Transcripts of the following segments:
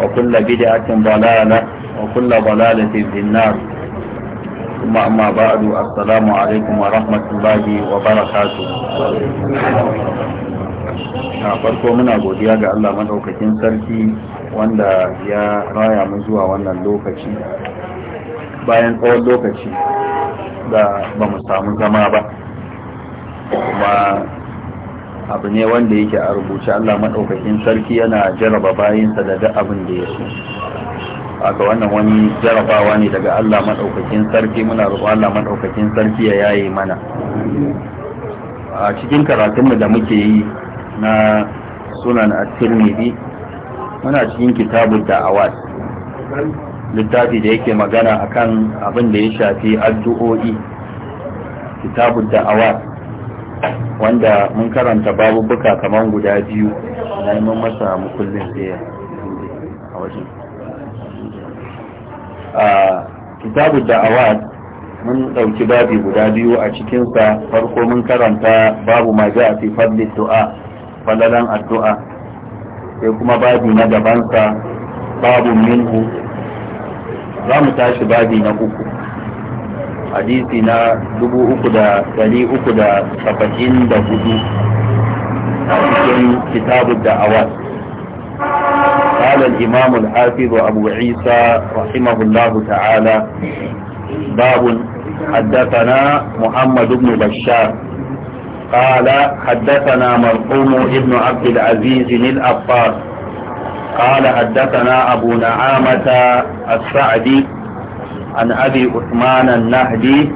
وكل بدعة ضلالة وكل ضلالة في النار ثم أما بعد السلام عليكم ورحمة الله وبركاته a farko muna godiya ga Allah madaukakin sarki wanda ya raya mu zuwa wannan lokaci bayan tsawon lokaci da ba mu samu zama ba kuma abu ne wanda yake a rubuce Allah maɗaukakin sarki yana jaraba bayinsa da duk abin da ya so aka wannan wani jarabawa ne daga Allah maɗaukakin sarki muna roƙon Allah maɗaukakin sarki ya yayi mana a cikin karatunmu da muke yi na sunan at-tirmidhi muna cikin da Awad, littafi da yake magana akan abin da ya shafi addu'o'i da Awad. wanda mun karanta babubuka kamar guda biyu na yi mun masa mukullin tsaye a wajen kitabu da'awat mun ɗauki babi guda biyu a cikinsa farko mun karanta babu ma ja fi fadli du'a falalan addu'a sai kuma babi na gabansa babu minhu za mu tashi babi na uku حديثنا na dubu uku da dari uku da saba'in da hudu a cikin kitabu da قال الإمام الحافظ أبو عيسى رحمه الله تعالى باب حدثنا محمد بن بشار قال حدثنا مرحوم ابن عبد العزيز الأبطار قال حدثنا أبو نعامة السعدي عن أبي عثمان النهدي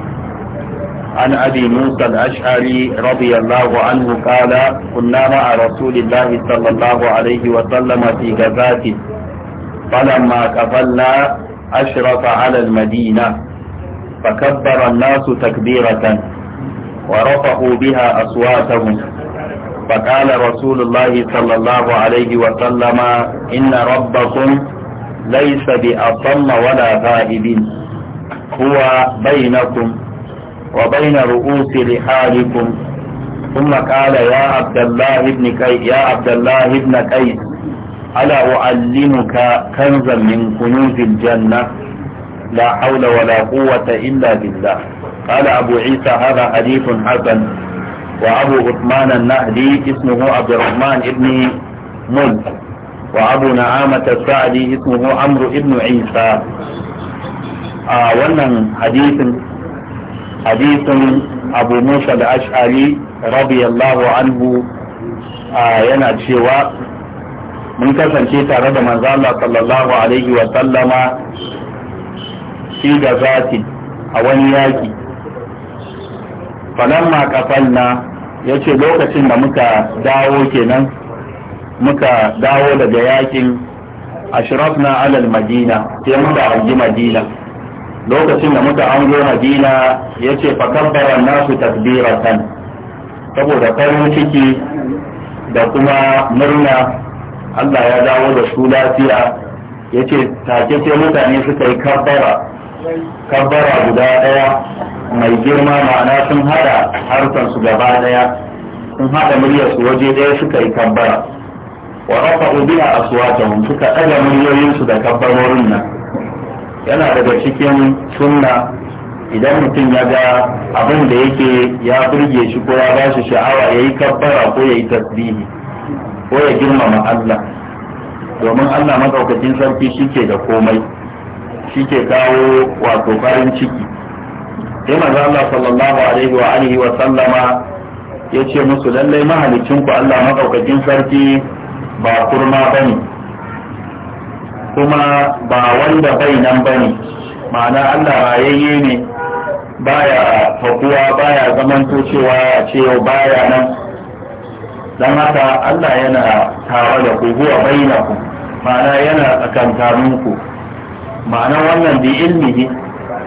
عن أبي موسى الأشعري رضي الله عنه قال كنا مع رسول الله صلى الله عليه وسلم في غزاة فلما قبلنا أشرف على المدينة فكبر الناس تكبيرة ورفعوا بها أصواتهم فقال رسول الله صلى الله عليه وسلم إن ربكم ليس بأصم ولا غائب هو بينكم وبين رؤوس رحالكم ثم قال يا عبد الله بن كيس يا عبد الله بن كيس ألا أعلمك كنزا من كنوز الجنة لا حول ولا قوة إلا بالله قال أبو عيسى هذا حديث حسن وأبو عثمان النهدي اسمه عبد الرحمن بن ملك وأبو نعامة السعدي اسمه عمرو بن عيسى a wannan hadisin hadisin abu musa da ash'ari radiyallahu anhu yana cewa mun kasance tare da manzala sallallahu alaihi wa sallama shi ga zafi, a wani yaki falamma kafalna ya ce lokacin da muka dawo kenan muka dawo daga yakin na alal madina sai muka argi madina lokacin da muka an zo madina ya ce fakabbara nasu takbiratan saboda farin ciki da kuma murna allah ya dawo da su lafiya ya ce take ce mutane suka yi kabbara kabbara guda daya mai girma ma'ana sun hada harsansu gaba daya sun hada muryarsu waje daya suka yi kabbara wa rafa'u biha aswatahum suka ɗaga muryoyinsu da kabbarorin nan yana daga cikin sunna idan mutum ya ga abin da yake ya burge shi ko ya ba shi sha'awa ya yi kabbara ko ya yi tasbihi ko ya girmama Allah domin Allah maɗaukacin sarki shi ke da komai shi ke kawo wato farin ciki sai manzo Allah sallallahu alaihi wa alihi wa sallama ya ce musu lallai mahalicin ku Allah maɗaukacin sarki ba kurma bane kuma ba wanda bai nan ba ne ma'ana allah rayayye ne baya fakuwa baya zamanto cewa cewa baya nan don haka allah yana tare da ku baina ku ma'ana yana ku. ma'ana wannan bi ne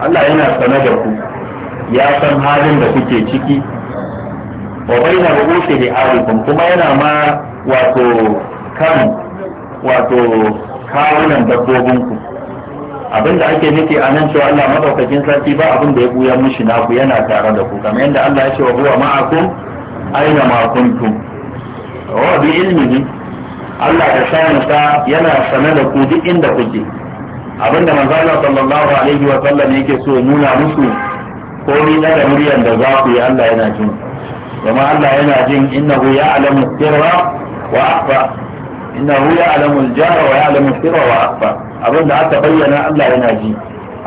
allah yana sane da ku ya san halin da kuke ciki wa baina rubuti da kuma yana ma wato kan wato kawunan dabbobinku abin da ake nufi a nan cewa Allah madaukakin sarki ba abin da ya buya na ku yana tare da ku kamar yadda Allah ya ce wa huwa ma'akum aina ma kuntum wa bi ilmihi Allah da shayansa yana sane da ku duk inda kuke abinda manzo Allah sallallahu alaihi wa sallam yake so nuna musu ko na da muryan da za ku yi Allah yana jin kuma Allah yana jin innahu ya'lamu sirra wa akhfa innahu ya'lamu al-jahra wa ya'lamu sirra wa akhfa abinda aka bayyana Allah yana ji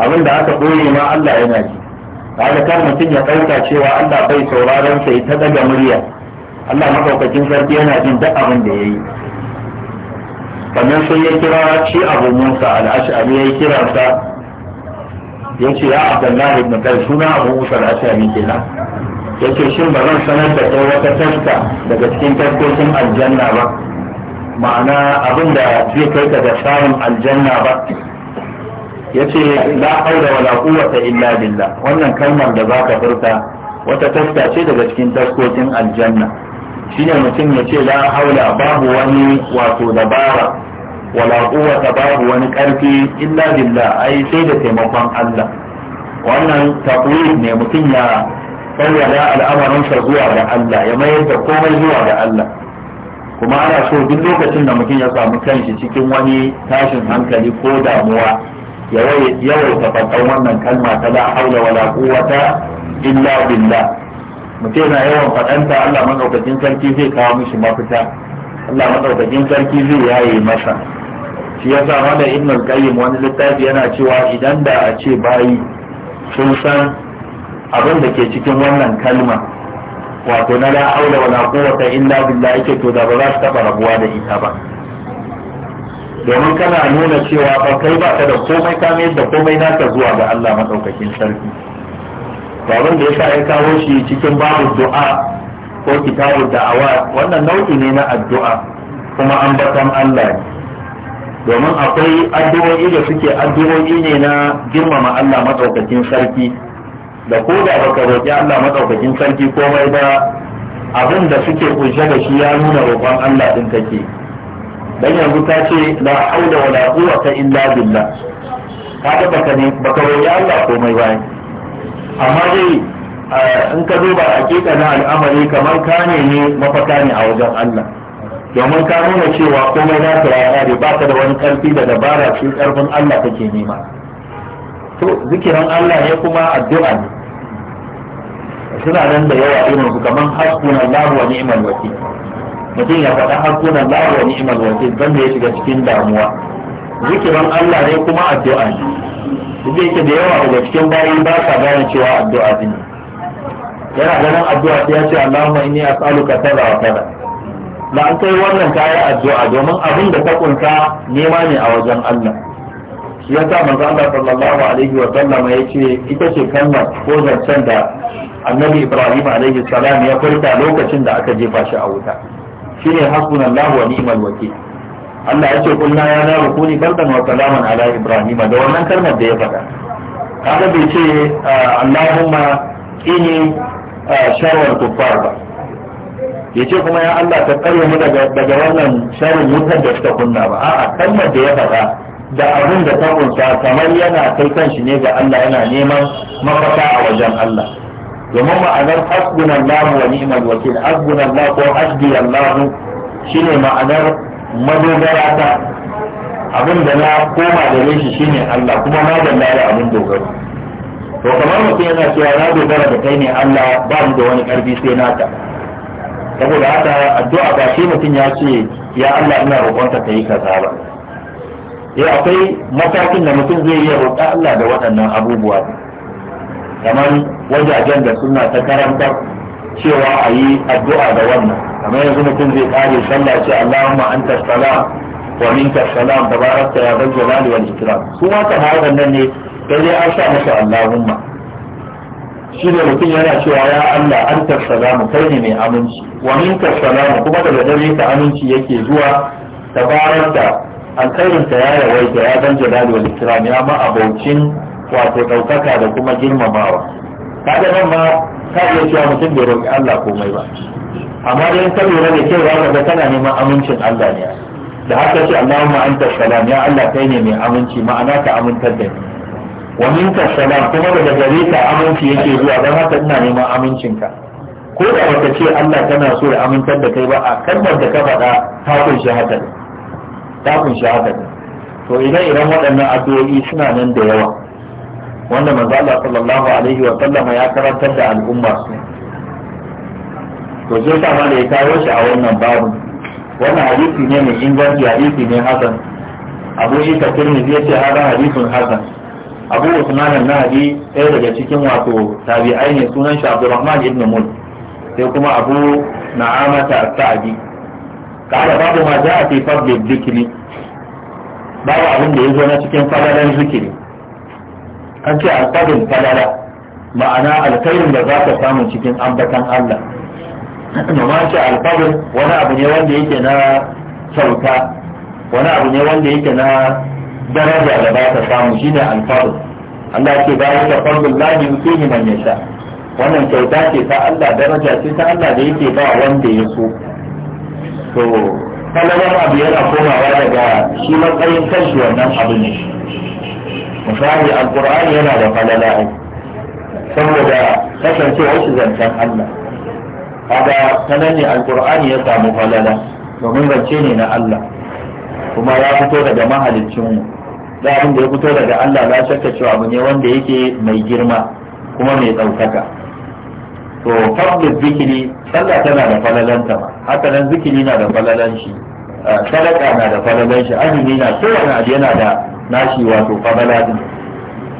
abinda aka boye ma Allah yana ji kaga kar mutum ya dauka cewa Allah bai sauraron sai ta daga murya Allah madaukakin sarki yana jin duk abin da yayi sannan sai ya kira shi Abu Musa al ya kira sa ya ce ya Abdullah ibn Qais suna Abu Musa ya ce shin ba zan sanar da kai wata daga cikin taskokin aljanna ba ma'ana abin da zai kai ka da samun aljanna ba ya ce la haula wala quwwata illa billah wannan kalmar da zaka furta wata taska ce daga cikin taskokin aljanna shine mutum ya ce la haula babu wani wato dabara wala quwwata babu wani karfi illa billah ai sai da taimakon Allah wannan taqwid ne mutum ya sauya da al'amarinsa zuwa ga Allah ya mayar da komai zuwa ga Allah kuma ana so duk lokacin da mutum ya samu kanshi cikin wani tashin hankali ko damuwa yawaita faɗan wannan kalma ta la haula wala quwwata illa billah mutum yana yawan faɗanta Allah madaukakin sarki zai kawo mishi mafita Allah madaukakin sarki zai yaye masa shi yasa mana ibn al-qayyim wani littafi yana cewa idan da a ce bayi sun san abin da ke cikin wannan kalma wato na la haula wala quwwata illa billah yake to da ba za su taba rabuwa da ita ba domin kana nuna cewa ba kai ba ka da komai ka mai da komai naka zuwa ga Allah madaukakin sarki babin da yasa ya kawo shi cikin babu du'a ko kitabu da'awa wannan nau'i ne na addu'a kuma ambatan Allah ne domin akwai addu'o'i da suke addu'o'i ne na girmama Allah madaukakin sarki da ko da baka roƙi Allah madaukakin sarki komai ba abin da suke kunshe da shi ya nuna roƙon Allah din kake dan yanzu ta ce la haula wala quwwata illa billah ga baka ne baka roƙi Allah komai ba amma dai eh, in ka duba hakika na al'amari kamar ka ne mafaka ne a wajen Allah domin ka nuna cewa komai na ka ya ba ka da wani karfi da dabara shi karfin Allah kake nema to zikirin Allah ne kuma addu'a ne suna nan da yawa irin su kaman hasbuna Allah wa ni'mal wakil mutum ya faɗa hasbuna Allah wa ni'mal wakil dan da ya shiga cikin damuwa zikiran Allah ne kuma addu'a ne duk yake da yawa daga cikin bayi ba sa gane cewa addu'a ne yana ganin addu'a sai ya ce Allahumma inni as'aluka kaza wa kaza da an kai wannan kayan addu'a domin abin da ta kunsa nema ne a wajen Allah shi yasa manzo Allah sallallahu alaihi wa sallam ya ce ita ce kalmar ko zancen da annabi ibrahim alaihi salam ya furta lokacin da aka jefa shi a wuta shine hasbunallahu wa ni'mal wakil Allah ya ce kulna ya na rukuni bardan wa salaman ala ibrahim da wannan kalmar da ya faɗa kaga bai ce ah, allahumma qini ah, sharwar kuffar ba ya ce kuma ya Allah ka kare mu daga wannan sharrin wutar da suka kunna ba a'a kalmar da ya faɗa da abin da ta kunsa kamar yana kai kanshi ne ga Allah yana neman mafaka a wajen Allah domin ma'anar hasbun Allah wa ni'mal wakil hasbun Allah ko hasbi Allah shine ma'anar madogara ta abin da na koma da shi shine Allah kuma na da da abin dogaro to kamar mutum yana cewa na dogara da kai ne Allah ba mu da wani karfi sai naka saboda haka addu'a ba shi mutum ya ce ya Allah ina roƙonka ka yi kaza ba eh akwai matakin da mutum zai iya roƙa Allah da waɗannan abubuwa kamar wajajen da suna ta karanta cewa a yi addu'a da wannan kamar yanzu mutum zai kare sallah ce Allahumma anta salam wa minka salam tabarakta ya zal jalali wal ikram su ma kamar nan ne sai dai an sa masa Allahumma shi ne mutum yana cewa ya Allah anta salamu kai ne mai aminci wa minka salamu kuma daga dare ka aminci yake zuwa tabarakta alkhairin ta ya yawaita ya zal jalali wal ikram ya ma abokin. wato ɗaukaka da kuma girmamawa kaga nan ma ka iya cewa mutum bai roƙi Allah komai ba amma dai in ka lura da kyau zaka ga tana neman amincin Allah ne da haka ce Allahumma anta salam ya Allah kai ne mai aminci ma'ana ka amintar da ni wa minka salam kuma daga gare ka aminci yake zuwa don haka ina neman amincin ka. ko da wata ce Allah tana so ya amintar da kai ba a kalmar da ka faɗa ta kunshi haka ta kunshi haka to idan idan waɗannan addu'o'i suna nan da yawa wanda manzo sallallahu alaihi wa sallama ya karantar da al'umma su to sai sa ma da ya kawo shi a wannan babu wannan hadisi ne mai inganci hadisi ne hasan abu isa tirmidhi yace hada hadisun hasan abu usman na nahdi ɗaya daga cikin wato tabi'ai ne sunan shi abdurrahman ibn mulk sai kuma abu na'amata as-sa'di kada babu ma a fi fadli zikiri. babu abin da zo na cikin fadalan zikiri an ce alfadin falala ma'ana alkhairin da za ka samu cikin ambatan Allah noma ce alfadin wani abu ne wanda yake na kyauta wani abu ne wanda yake na daraja da ba ka samu shi ne alfadin Allah ce bayan da fadlul lahi yusihi man yasha wannan kyauta ce ta Allah daraja ce ta Allah da yake ba wanda ya so to falalar abu yana komawa daga shi matsayin kanshi wannan abu ne misali alkur'ani yana da falala ai saboda kasancewar shi zancen Allah kaga sanan ne alqur'ani ya samu falala domin zance ne na Allah kuma ya fito daga mahaliccin mu da abin da ya fito daga Allah na shakka cewa abu ne wanda yake mai girma kuma mai ɗaukaka to fadlul zikiri sallah tana da falalanta ma haka nan zikiri na da falalan shi sadaka na da falalan shi azumi na kowane abu yana da nashi wato fadala din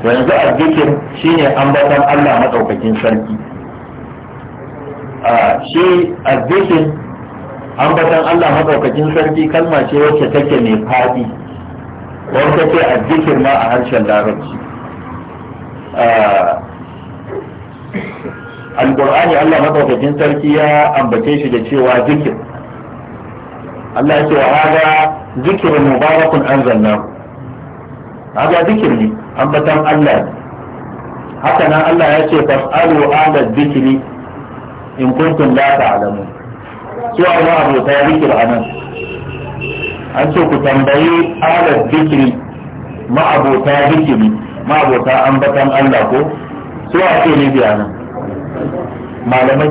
to yanzu azzikir shine ambatan Allah madaukakin sarki a shi azzikir ambatan Allah madaukakin sarki kalma ce wacce take mai fadi wanda ce azzikir ma a harshen larabci alƙur'ani Allah madaukakin sarki ya ambace shi da cewa zikir Allah ya ce wa hada zikirin mubarakun anzalnahu kaga zikir ne ambatan Allah haka nan Allah ya ce fasalu ala zikri in kuntum la ta'lamun su Allah abu ta zikir anan an ce ku tambayi ala zikri ma abota zikiri ma abota ambatan Allah ko su a ce ne malamai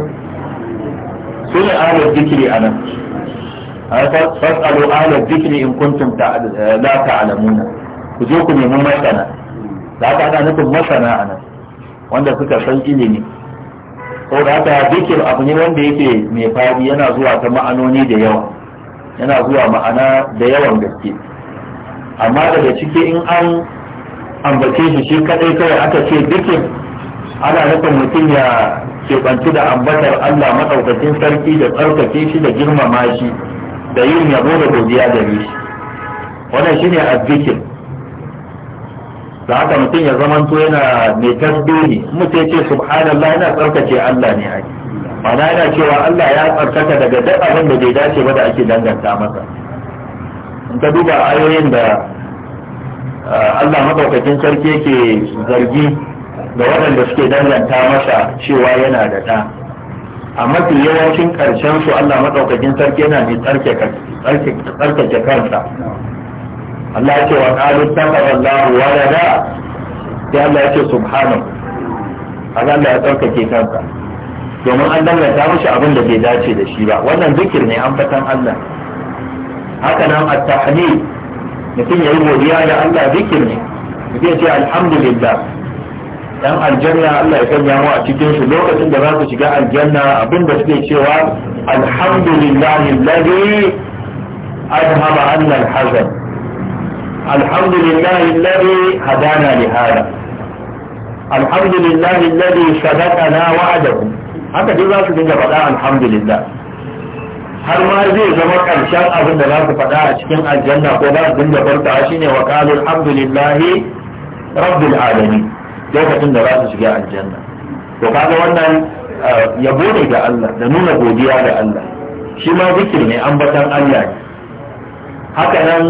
su ne ala zikri anan fasalu ala in ku je ku nemi masana da haka ana nufin masana a nan wanda suka san ilimi da haka zikir abu ne wanda yake mai fadi yana zuwa ta ma'anoni da yawa yana zuwa ma'ana da yawan gaske amma daga ciki in an ambace shi shi kadai kawai aka ce zikir ana nufin mutum ya keɓanci da ambatar Allah maɗaukacin sarki da tsarkake shi da girmama shi da yin yabo da godiya gare shi wannan shine azzikir da haka mutum ya zamanto yana mai tasbihi mutum ya ce subhanallah yana tsarkace Allah ne ai mana yana cewa Allah ya tsarkaka daga duk abin da bai dace ba da ake danganta masa in ka duba ayoyin da uh, Allah madaukakin sarki yake zargi da waɗanda suke danganta masa cewa yana da ɗa a mafi yawancin ƙarshen su Allah madaukakin sarki yana mai tsarkake kansa Allah ya ce wa qalu takallahu walada sai Allah ya ce subhanahu kaga Allah ya tsarkake kansa domin an danganta mishi abin da bai dace da shi ba wannan zikir ne an fatan Allah haka nan at-tahmid mutum yayi godiya da Allah zikir ne mutum ya ce alhamdulillah dan aljanna Allah ya sanya mu a cikin shi lokacin da za su shiga aljanna abin da suke cewa alhamdulillahi alladhi adhaba anna al-hazan الحمد لله الذي هدانا لهذا الحمد لله الذي صدقنا وعده haka duk za su dinga faɗa alhamdulillah har ma zai zama ƙarshen abin da za su faɗa a cikin aljanna ko za su dinga farka ne wa qalu alhamdulillahi rabbil alamin lokacin da za su shiga aljanna to kaga wannan uh, yabo ne ga Allah da nuna godiya ga Allah shi ma zikir ne ambatan Allah haka nan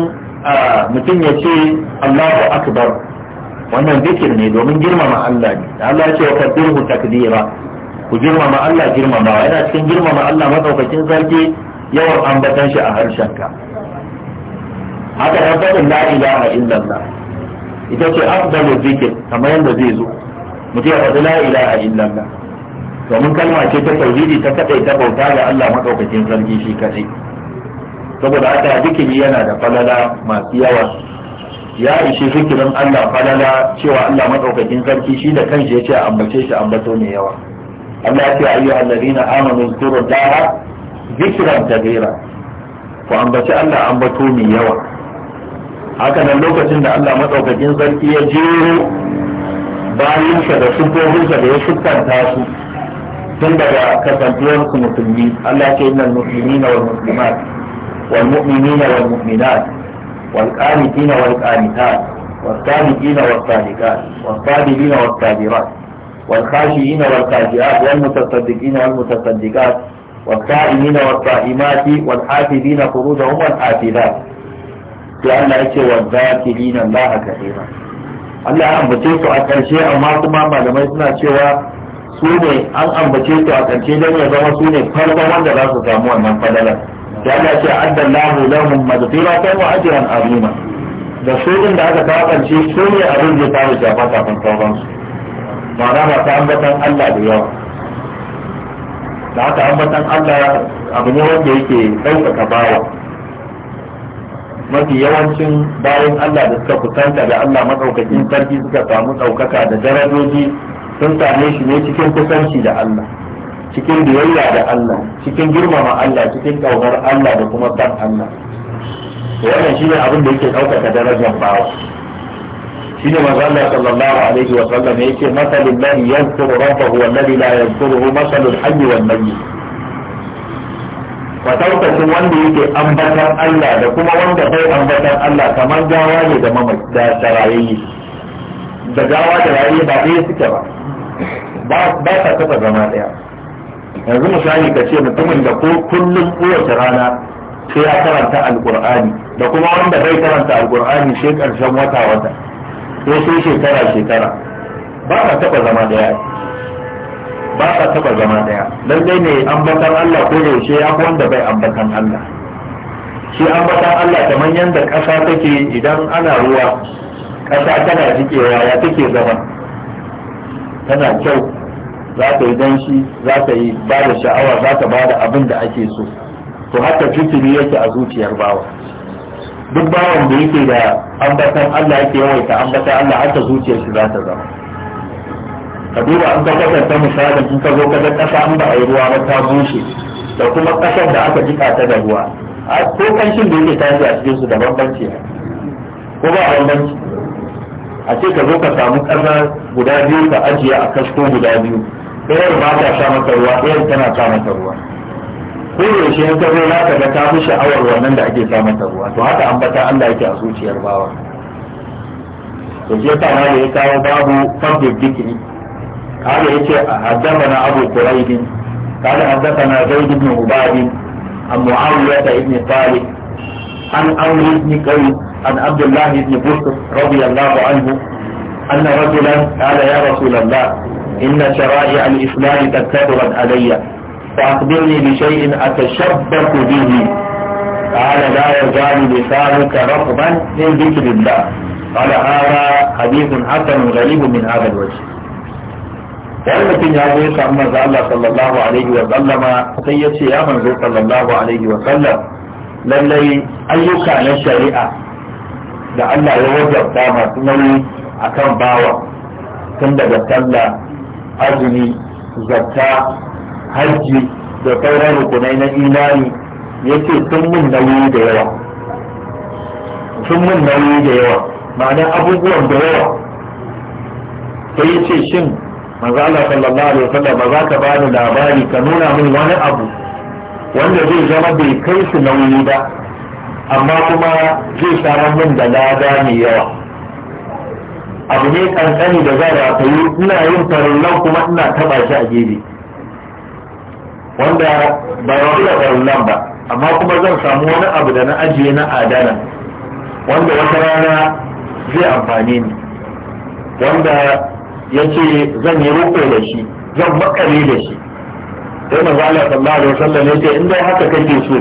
mutum ya ce Allahu akbar wannan zikir ne domin girmama Allah ne Allah ya ce wa kaddirhu takdira ku girmama Allah girmamawa yana cikin girmama Allah madaukakin sarki yawan ambatan shi a harshenka haka nan faɗin la ilaha illallah ita ce afdalu zikir kamar yadda zai zo mutum ya faɗi la ilaha illallah domin kalma ce ta tauhidi ta kadai ta bauta ga Allah madaukakin sarki shi kadai saboda haka zikiri yana da falala masu yawa ya ishe zikirin Allah falala cewa Allah madaukakin sarki shi da kanshi a ambace shi ambato mai yawa Allah ya ce ayyu allazina amanu zkuru dara zikran kabira ku ambaci Allah ambato mai yawa haka nan lokacin da Allah madaukakin sarki ya jero bayinsa da sufofinsa da ya sukkanta su tun daga kasantuwar su musulmi Allah ya ce innal muslimina wal muslimat والمؤمنين والمؤمنات والقانتين والقانتات والصادقين والصادقات والصابرين والصابرات والخاشعين والخاشعات والمتصدقين والمتصدقات والصائمين والصائمات والحافظين فروجهم والحافظات لأن يأتي والذاكرين الله كثيرا Allah ya ambace su a ƙarshe amma kuma malamai suna cewa su ne an ambace su a ƙarshe don ya zama su ne farko wanda za su samu wannan fadalar ya ga ce addallahu lahum maghfiratan wa ajran azima da su din da aka kawakance su ne abin da ta rufe ba kafin sauran su ma'ana ba ta ambatan Allah da yawa da aka ambatan Allah abu ne wanda yake ɗaukaka bawa mafi yawancin bayan Allah da suka kusanta da Allah maɗaukakin sarki suka samu ɗaukaka da darajoji sun same shi ne cikin kusanci da Allah cikin biyayya da Allah cikin girmama Allah cikin kaunar Allah da kuma san Allah to wannan shine abin da yake ɗaukaka darajar bawa shine manzo Allah sallallahu alaihi wa sallam yake masalul ladhi yadhkuru rabbahu wal ladhi la yadhkuruhu masalul hayy wal mayyit fataukatin wanda yake ambatar Allah da kuma wanda bai ambatar Allah kamar gawa ne da mamata da da gawa da rayi ba ɗaya suke ba ba ta kafa zama ɗaya yanzu misali ka ce mutumin da ko kullum kowace rana sai ya karanta alkur'ani da kuma wanda bai karanta alkur'ani sai karshen wata wata ko sai shekara shekara ba ka taba zama daya ba ka taba zama daya dan dai ne ambatan Allah ko yaushe ya wanda bai ambatan Allah shi ambatan Allah kamar yanda kasa take idan ana ruwa kasa tana jikewa ya take zama tana kyau za ka yi danshi za ka yi ba da sha'awa za ka ba da abin da ake so to haka zikiri yake a zuciyar bawa duk bawan da yake da ambatan Allah yake yawaita ambatan Allah haka zuciyar shi za ta zama ka duba an ka kwatanta misalin in ka zo ka ga ƙasa an ba a yi ruwa ba ta bushe da kuma ƙasar da aka jika ta da ruwa ko kanshin da yake tashi a cikin su da bambanci ko ba bambanci a ce ka zo ka samu ƙasa guda biyu ka ajiye a kasko guda biyu ɗayar ba ta sha masa ruwa ɗayar tana sha masa ruwa ko yaushe in ka zo za ka ga ta fi sha'awar wannan da ake sa masa ruwa to haka ambata Allah yake a zuciyar bawa to shi yasa ma ya kawo babu fadl dhikri قال يتي حدثنا أبو قريب قال حدثنا زيد بن عباد عن معاوية بن طالب عن أمر بن an عن عبد الله بن بكر رضي الله عنه أن رجلا قال يا رسول الله إن شرائع الإسلام قد كثرت علي فأخبرني بشيء أتشبك به قال لا يزال لسانك رطبا من ذكر الله قال هذا حديث حسن غريب من هذا الوجه والمتن يا زيد أما الله صلى الله عليه وسلم سيدي يا من صلى الله عليه وسلم lallai ayyuka na الشريعة da Allah ya wajabta masu nauyi akan bawa tun azumi zakka hajji da sauran rukunai na imani yace sun mun nauyi da yawa sun mun nauyi da yawa ma'ana abubuwan da yawa sai yace shin maza Allah sallallahu alaihi wasallam ba za ka bani labari ka nuna min wani abu wanda zai zama bai kai su nauyi ba amma kuma zai samar min da lada mai yawa abu ne kankani da za a yi ina yin farillan kuma ina taba shi a gefe wanda ba rabu da farillan ba amma kuma zan samu wani abu da na ajiye na adana wanda wata rana zai amfani ni wanda ya ce zan yi roƙo da shi zan makare da shi sai manzo Allah sallallahu alaihi wasallam ya ce in dai haka kake so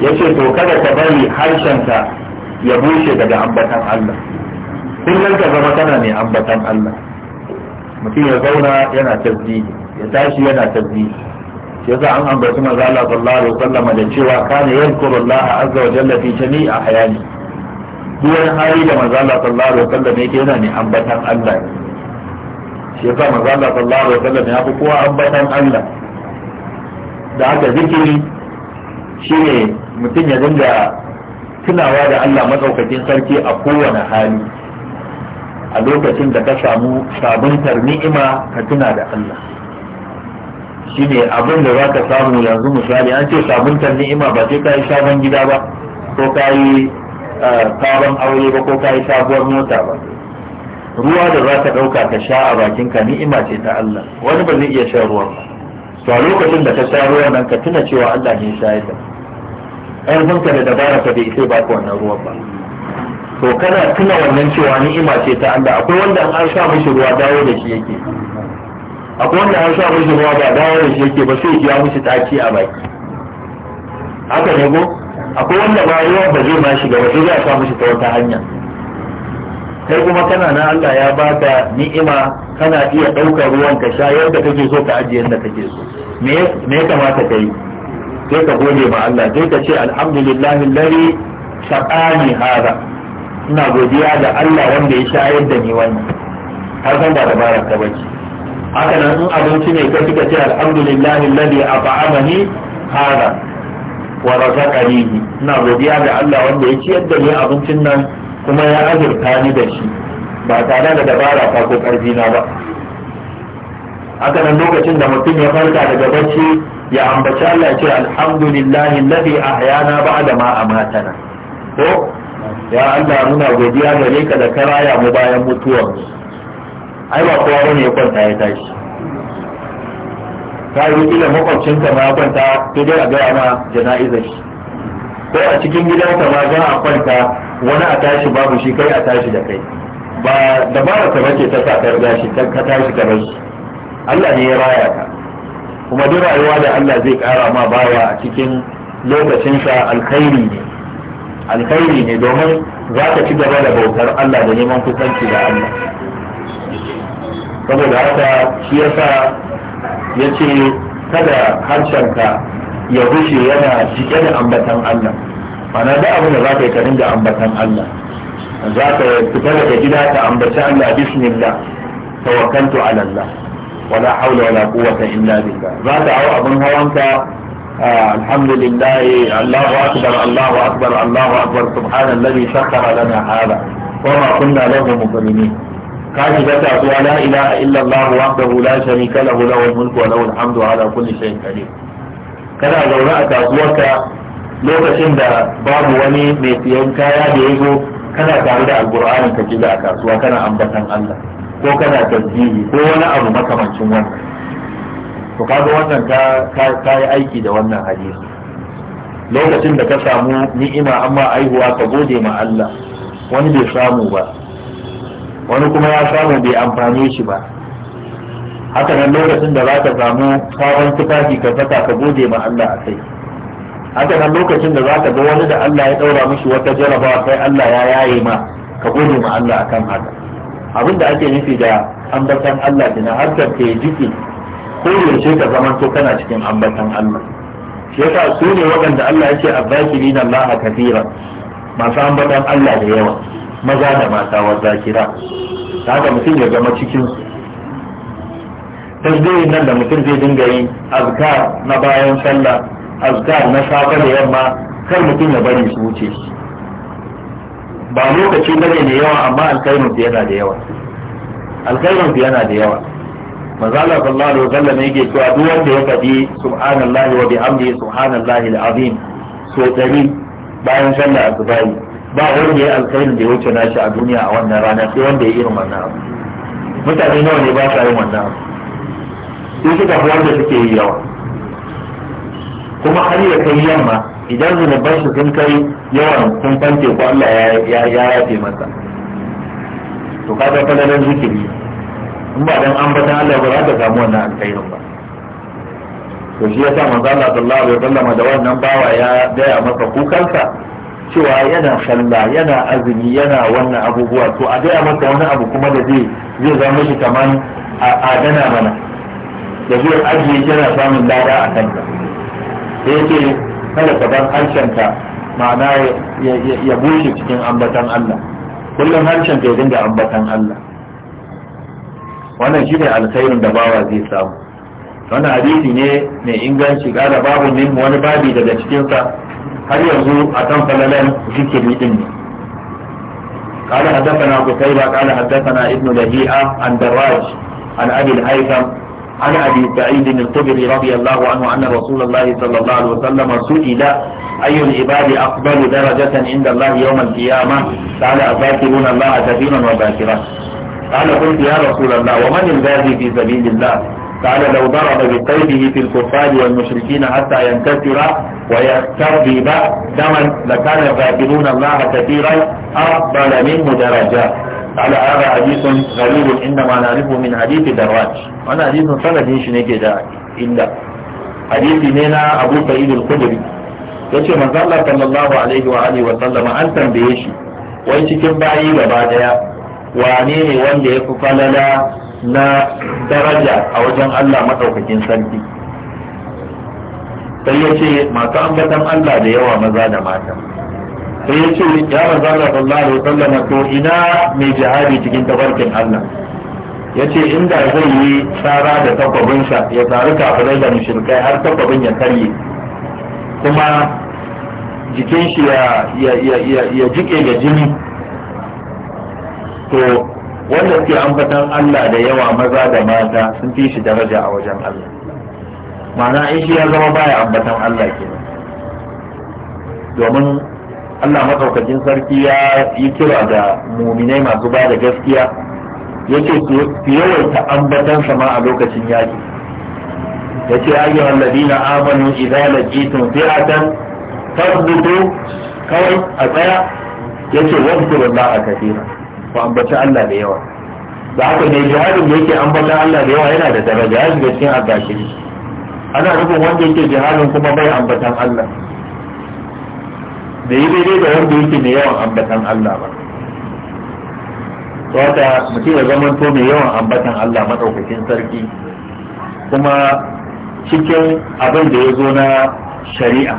ya ce to kada ka bari harshenka ya bushe daga ambatan Allah kullum ka zama kana mai ambatan Allah mutum ya zauna yana tasbihi ya tashi yana tasbihi Ya yasa an ambaci maza Allah sallallahu alaihi wasallam da cewa kana yadhkurullah azza wa jalla fi jami'i ahyani duk wani hali da maza Allah sallallahu alaihi wasallam yake yana mai ambatan Allah shi yasa manzo Allah sallallahu alaihi wasallam ya fi kowa ambatan Allah da haka zikiri shine mutum ya dinga tunawa da Allah madaukakin sarki a kowane hali a lokacin da ka samu sabuntar ni'ima ka tuna da Allah Shi ne abin da za ka samu yanzu misali an ce sabuntar ni'ima ba sai ka yi sabon gida ba ko ka yi eh, sabon aure ba ko ka yi sabuwar mota ba ruwa da za ka ɗauka ka sha a bakinka ni'ima ce ta Allah wani ba zai iya shan ruwa ba to a lokacin da ka sha ruwa nan ka tuna cewa Allah ne ya shayar da ƙarfinka da dabara ka bai sai ba ku wannan ruwan ba to kana tuna wannan cewa ni'ima ce ta Allah akwai wanda an sha mishi ruwa dawo da shi yake akwai wanda an sha mishi ruwa ba dawo da shi yake ba sai ya mishi taki a baki haka ne go akwai wanda ba ruwa ba zai ma shiga ba sai ya sha mishi ta wata hanya kai kuma kana na Allah ya baka ni'ima kana iya ɗaukar ruwan ka sha yadda kake so ka ajiye yadda kake so me ya kamata ka yi sai ka gode ma Allah sai ka ce alhamdulillahi lari sha'ani hada ina godiya da Allah wanda ya shayar da ni wannan har san da dabara ta bace haka nan in abinci ne ka kika ce alhamdulillahi alladhi at'amani hada wa razaqani ina godiya da Allah wanda ya ciyar da ni abincin nan kuma ya azurta ni da shi ba tare da dabara ta ko karfi na ba haka nan lokacin da mutum ya farka daga bacci ya ambaci Allah ya ce alhamdulillahi alladhi ahyana ba'da ma amatana ko ya Allah muna godiya gare ka da karaya raya mu bayan mutuwa ai ba kowa bane ya kwanta ya tashi ta yi kila ka ma kwanta sai dai a gaya ma jana'izar shi ko a cikin ka ma za a kwanta wani a tashi babu shi kai a tashi da kai ba dabara ta bace ta sa ka shi ka tashi ka bar Allah ne ya raya ka kuma duk rayuwa da Allah zai kara ma bawa a cikin lokacin lokacinsa alkhairi ne alkhairi ne domin za ka ci gaba da bautar Allah da neman kusanci da Allah saboda haka shi yasa ya ce kada harshenka ya rushe yana cike da ambatan Allah mana da abin da za ka yi ka da ambatan Allah za ka fita daga gida ka ambaci Allah bismillah tawakkaltu ala Allah wala haula wala quwwata illa billah za ka hawa abin hawanka الحمد لله الله أكبر الله أكبر الله أكبر سبحان الذي سخر لنا هذا وما كنا له مقرنين kana zaune a kasuwarka lokacin da babu wani mai siyan kaya da ya zo kana tare da alqur'anin ka kiga a kasuwa kana ambatan Allah ko kana tasbihi ko wani abu makamancin wannan to kaga wannan ka yi aiki da wannan hadisi lokacin da ka samu ni'ima amma aihuwa ka gode ma Allah wani bai samu ba wani kuma ya samu bai amfane shi ba haka nan lokacin da za ka samu sabon tufafi ka saka ka gode ma Allah a kai haka nan lokacin da za ka ga wani da Allah ya daura mishi wata jaraba kai Allah ya yaye ma ka gode ma Allah akan haka abin da ake nufi da ambatan Allah dina harkar ke jiki ko yaushe ka zaman to kana cikin ambatan Allah shi yasa su ne waɗanda Allah yake azzakiri na Allah kafira masu ambatan Allah da yawa maza da mata wa zakira ta haka mutum ya zama cikin su nan da mutum zai dinga yi azkar na bayan sallah azkar na safe da yamma kar mutum ya bari su wuce ba lokaci bane ne yawa amma alkhairin yana da yawa alkhairin yana da yawa manzala sallallahu alaihi wasallam yake cewa duk wanda ya fadi subhanallahi wa bihamdihi subhanallahi alazim so dari bayan sallar asubahi ba wanda ya alkhairin da ya wuce nashi a duniya a wannan rana sai wanda ya irin wannan abu mutane nawa ne ba sa yin wannan abu sai suka fi wanda suke yi yawa kuma har ya kai yamma idan zunuban shi sun kai yawan sun fante ko Allah ya yafe masa to kaga falalan zikiri in ba dan ambatan Allah ba za ka samu wannan alkhairin ba to shi yasa manzo Allah sallallahu alaihi wasallam da wannan bawa ya daya masa kukansa cewa yana sallah yana azumi yana wannan abubuwa to a daya masa wani abu kuma da zai zai zama shi kaman adana mana da zai ajiye yana samun lada a kanka sai yake kada ka bar harshenka ma'ana ya bushe cikin ambatan Allah kullum harshenka ya dinga ambatan Allah wannan shine alkhairin da bawa zai samu wannan hadisi ne mai inganci kara babu min wani babi daga cikinsa har yanzu a kan falalan zikiri din ne قال حدثنا قتيبة قال حدثنا ابن لهيئة عن دراج عن أبي الهيثم عن أبي سعيد الخدري رضي الله عنه أن رسول الله صلى الله عليه وسلم سئل أي العباد أفضل درجة عند الله يوم القيامة قال أذاكرون الله كثيرا وذاكرا قال قلت يا رسول الله ومن الغازي في سبيل الله قال لو ضرب بقلبه في الكفار والمشركين حتى ينكسر ويستربب دما لكان الغافلون الله كثيرا أفضل منه درجات قال هذا حديث غريب إنما نعرفه من حديث دراج وأنا حديث سند نيجي دا إلا حديث نينا أبو سعيد الخدري yace manzo Allah sallallahu alaihi wa alihi wa sallama an tambaye shi wai cikin bayi gaba daya wane ne wanda ya fi falala na daraja a wajen Allah maɗaukakin sarki sai ya ce masu ambatan Allah da yawa maza da mata sai ya ce ya maza da sallallahu alaihi to ina mai jihadi cikin tabarkin Allah ya ce inda zai yi tsara da takwabinsa ya tsari kafirai da mushrikai har takwabin ya karye kuma jikin shi ya jike ga jini to wanda suke ambatan Allah da yawa maza da mata sun fi shi daraja a wajen Allah ma'ana in shi ya zama baya ambatan Allah ke domin Allah makaukacin sarki ya yi kira da muminai masu ba da gaskiya ce su yawaita ambatan sama a lokacin yaki ya ce ayyuhan ladina amanu idza laqitum fi'atan tathbutu kawai a tsaya Ya ce yace ba a kathira ku ambaci Allah da yawa da haka ne jihadin da yake ambata Allah da yawa yana da daraja ya shiga cikin azzakiri ana rufin wanda yake jihadin kuma bai ambatan Allah da yi daidai da wanda yake mai yawan ambatan Allah ba wata mutum ya zama to mai yawan ambatan Allah madaukakin sarki kuma cikin abin da ya zo na shari'a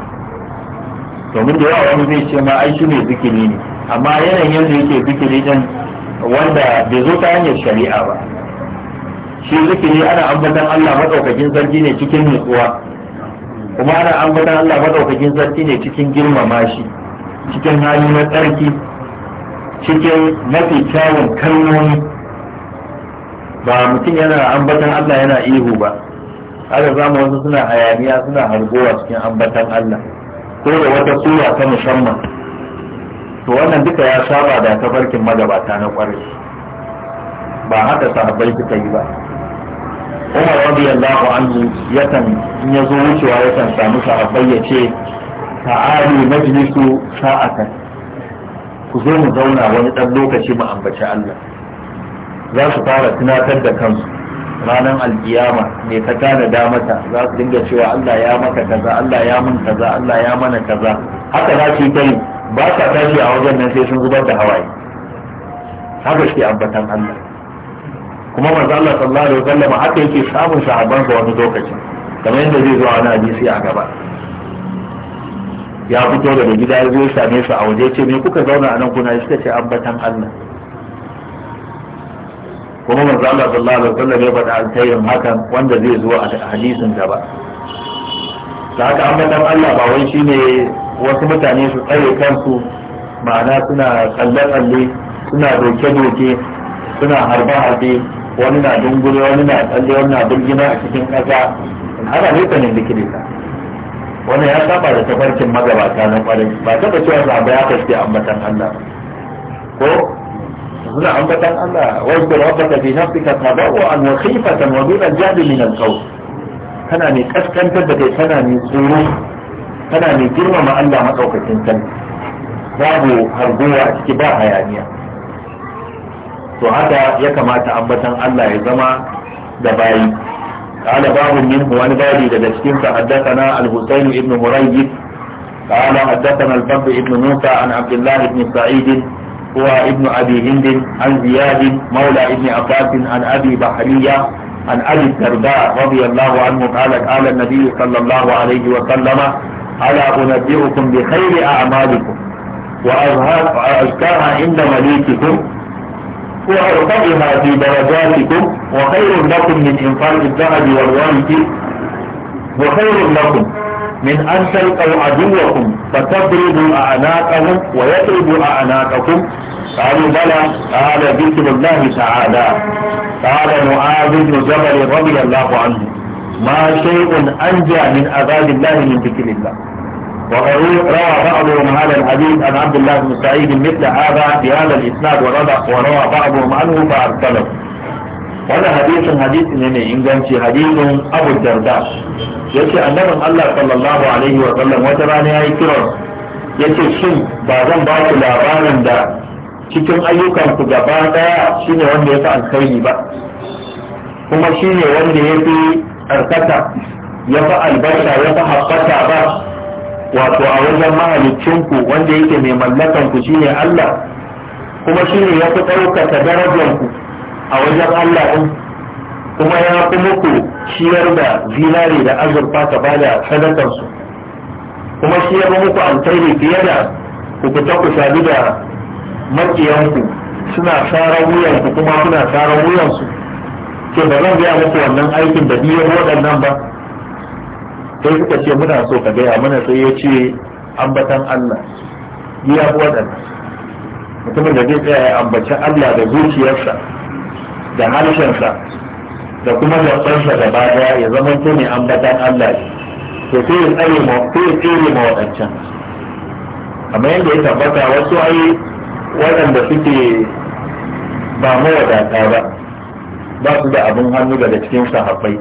domin da yawa wani zai ce ma ai shi ne zikiri ne amma yanayin yadda yake zikiri din wanda bai zo ta hanyar shari'a ba shi zikiri ana ambatan Allah madaukakin sarki ne cikin nutsuwa kuma ana ambatan Allah madaukakin sarki ne cikin girmama shi cikin hali na tsarki cikin mafi kyawun kalmomi ba mutum yana ambatan Allah yana ihu ba haka zama wasu suna hayaniya suna harbowa cikin ambatan Allah ko da wata sura ta musamman to wannan duka ya saba da barkin magabata na kwarai ba haka sahabbai suka yi ba umar radiyallahu anhu yakan in ya zo wucewa yakan samu sahabbai ya ce ta'ali majlisu sa'atan ku zo mu zauna wani ɗan lokaci mu ambaci Allah za su fara tunatar da kansu ranar alkiyama me ka tanada mata za su dinga cewa Allah ya maka kaza Allah ya mun kaza Allah ya mana kaza haka za su yi ba sa tashi a wajen nan sai sun zubar da hawaye haka shi ambatan Allah kuma manzo Allah sallallahu alaihi wasallam haka yake samun sahabban sa wani lokaci kamar yadda zai zo a wani hadisi a gaba ya fito daga gida ya zo same su a waje ce me kuka zauna a nan kuna suka ce ambatan Allah kuma manzo Allah sallallahu alaihi wasallam ya faɗa alkhairin hakan wanda zai zo a hadisin gaba da haka ambatan Allah ba wai shine wasu mutane su tsaye kansu ma'ana suna tsalle-tsalle suna doke-doke suna harbe-harbe wani na dungure wani na tsalle wani na birgina a cikin ƙasa haka ne sanin ta wani ya saba da tafarkin magabata na kwarai ba ta taba cewa zaba ya kashe ambatan Allah ko suna ambatan Allah wai da ku rabbaka fi nafsika tabawan wa khifatan wa dun al-jahli min al-qawl kana ne kaskantar da kai kana ne tsoro tana mai girmama Allah maɗaukakin sarki babu hargowa a ciki ba hayaniya to haka ya kamata ambatan Allah ya zama da bayi قال باب منه وعن بالي لدشكين فحدثنا الحسين بن مريد قال حدثنا الفضل بن موسى عن عبد الله بن سعيد هو ابن أبي هند عن زياد مولى ابن عباس عن أبي بحرية عن أبي الدرداء رضي الله عنه قال قال النبي صلى الله عليه وسلم ألا أنبئكم بخير أعمالكم وأذكرها عند مليككم وأرفعها في درجاتكم وخير لكم من إنفاق الذهب والوالد وخير لكم من أن تلقوا عدوكم فتضربوا أعناقهم ويضربوا أعناقكم قالوا بلى قال ذكر الله تعالى قال معاذ بن جبل رضي الله عنه ما شيء أنجى من عذاب الله من ذكر الله وروى بعضهم هذا الحديث عن عبد الله بن سعيد مثل هذا بهذا الاسناد وروى بعضهم عنه فارسله wannan hadisin hadisi ne mai inganci hadisin abu darda ya ce annabin allah sallallahu alaihi wa sallam wata rana ya yi kiran ya ce shin ba zan basu ku labarin da cikin ayyukanku gaba daya shine wanda ya fi alkhairi ba kuma shine wanda ya fi karkata ya fi albarka ya fi haɓaka ba wato a wajen mahalicinku wanda yake mai mallakan ku shine Allah kuma shine ya fi ɗaukaka darajar ku a wajen Allah din kuma ya fi muku shiyar da zinari da azurfa ta bada sadakar su kuma shi ya muku alkhairi fiye da ku fita ku sadu da makiyanku suna saran wuyanku kuma suna saran wuyansu ke ba zan gaya muku wannan aikin da biyar waɗannan ba sai suka ce muna so ka gaya mana sai ya ce ambatan Allah ya fi waɗanda mutumin da zai tsaya ya ambaci Allah da zuciyarsa da harshensa da kuma zarfansa da baya ya zama to ne ambatan Allah to sai ya tsare ma sai ya tsere ma waɗancan amma yadda ya tabbata wasu ai waɗanda suke ba mawadata ba ba su da abin hannu daga cikin sahabbai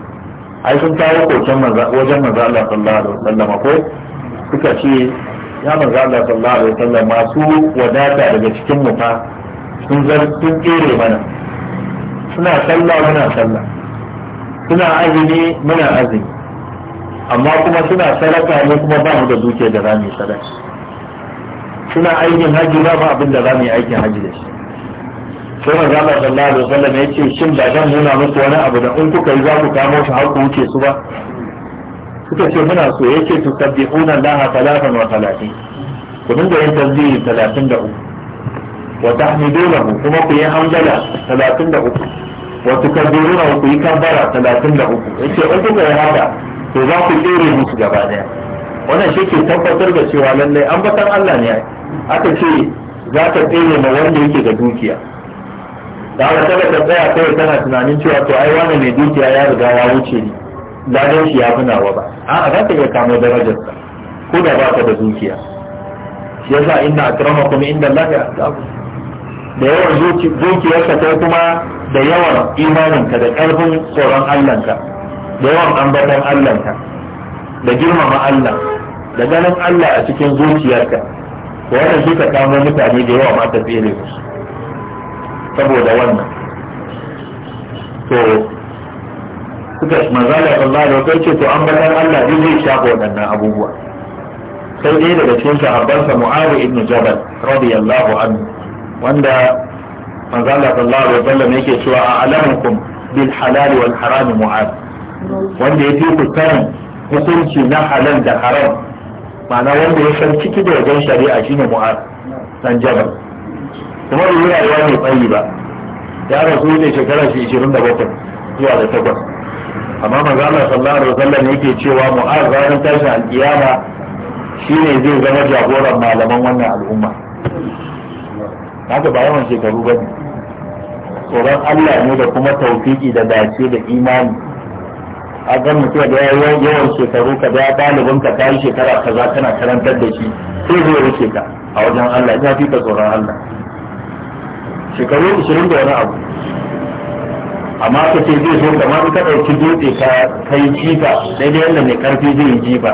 ai sun kawo koken wajen manzo Allah sallallahu alaihi wasallam ko suka ce ya manzo Allah sallallahu alaihi wasallam masu wadata daga cikin mu fa sun zar sun kere mana suna sallah muna sallah suna azumi muna azumi amma kuma suna sadaka ne kuma ba mu da duke da za mu zamu sadaka suna aikin haji ba abin da zamu yi aikin haji da shi sai manzo Allah sallallahu alaihi wasallam ya ce shin ba zan nuna musu wani abu da in kuka yi za ku kamo shi har ku wuce su ba suka ce muna so ya ce yace tusabbihuna laha talatan wa talatin ku dinga yin tasbihi 33 wa tahmidunahu kuma ku yi hamdala 33 wa tukabbirunahu ku yi kabbara Ya ce in kuka yi haka to za ku kere musu gaba daya wannan shi ke tabbatar da cewa lallai an ambatan Allah ne aka ce za ka tsere ma wanda yake da dukiya da ta kada ta tsaya kawai tana tunanin cewa to ai wani mai dukiya ya riga ya wuce ni ladan shi ya fi nawa ba a'a za ta iya kamo darajarsa ko da baka da dukiya shi yasa inna akramakum inda Allah ya da yawan ka kai kuma da yawan imaninka da ƙarfin tsoron ka da yawan ambaton ka da girmama Allah da ganin Allah a cikin zuciyarka wannan ka kamo mutane da yawa ma tafiye da su saboda wannan to suka manzala Allah da wata ce to an batar Allah din zai shafa waɗannan abubuwa sai ɗaya daga cikin sahabbansa Mu'adh ibn Jabal radiyallahu anhu wanda manzala Allah da sallam yake cewa a alamukum bil halal wal haram Mu'adh wanda ya fi sanin hukunci na halal da haram ma'ana wanda ya san ciki da wajen shari'a shine Mu'adh dan Jabal kuma da yi rayuwa mai tsayi ba ya rasu ne shekara shi ishirin da bakwai zuwa da takwas amma manzo sallallahu alaihi wasallam yake cewa mu'az ranar tashin alkiyama shine zai zama jagoran malaman wannan al'umma haka ba yawan shekaru ba ne tsoron Allah ne da kuma taufiki da dace da imani a ga mutum da yawan yawan shekaru ka da ɗalibin ka yi shekara kaza kana karantar da shi sai zai wuce ka a wajen Allah ya fi ka tsoron Allah shekaru ishirin da wani abu amma ka ce zai so kamar ka ɗauki dutse ka kai jifa daidai yadda mai karfi zai yi jifa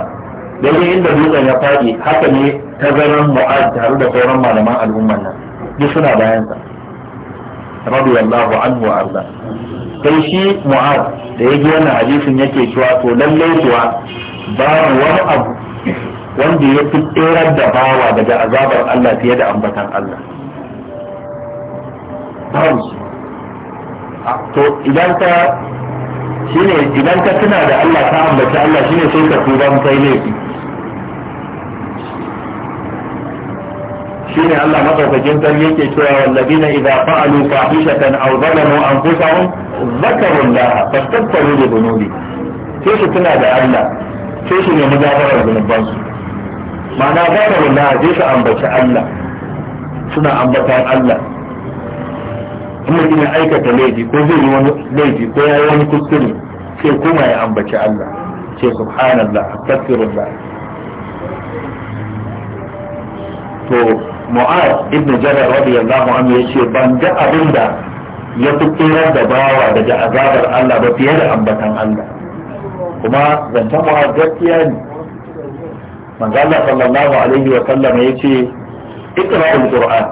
daidai inda dutsen ya faɗi haka ne ta tazaran mu'ad tare da sauran malaman al'umman nan duk suna bayansa radiyallahu anhu arda sai shi mu'ad da ya ji wannan hadisin yake cewa to lallai kuwa babu wani abu wanda ya fi tserar da bawa daga azabar Allah fiye da ambatan Allah babu to idan ka shine idan ka tuna da Allah ka ambaci Allah shine sai ka tuba mu kai laifi shine Allah madaukakin sarki yake cewa wallazina idza fa'alu fahishatan aw zalamu anfusahum zakaru Allah fastaghfiru li dhunubi sai su tuna da Allah sai su nemi gafarar zunubansu ma'ana gafarar Allah sai su ambaci Allah suna ambatan Allah mutum ya aikata laifi ko zai yi wani laifi ko ya yi wani kuskure sai kuma ya ambaci Allah ce subhanallah astaghfirullah to Mu'ad, ibn jarar radiyallahu anhu yace ban ga abinda ya fi tsirar da bawa daga azabar Allah ba fiye da ambatan Allah kuma zancen mu'az gaskiya ne manzo Allah sallallahu alaihi wa sallam yace iqra'ul qur'an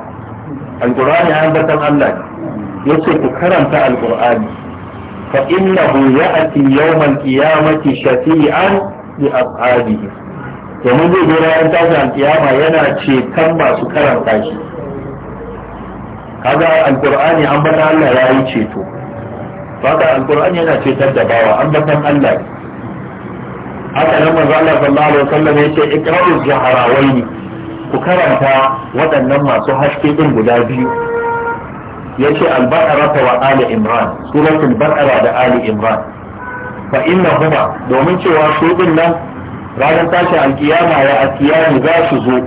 al-qur'ani ambatan Allah yace ku karanta alqur'ani fa innahu ya'ti yawmal qiyamati shafi'an li ashabihi domin zai zo ranar tashin alkiyama yana ce kan masu karanta shi kaga alqur'ani an bata Allah ya yi ceto haka alqur'ani yana cetar da bawa an batan Allah ne haka nan manzo Allah sallallahu alaihi wasallam yace ikra'u jaharawaini ku karanta waɗannan masu haske din guda biyu yace al-baqara wa ali imran suratul baqara da ali imran fa innahuma domin cewa su nan ranar tashin alkiyama ya alkiyami za su zo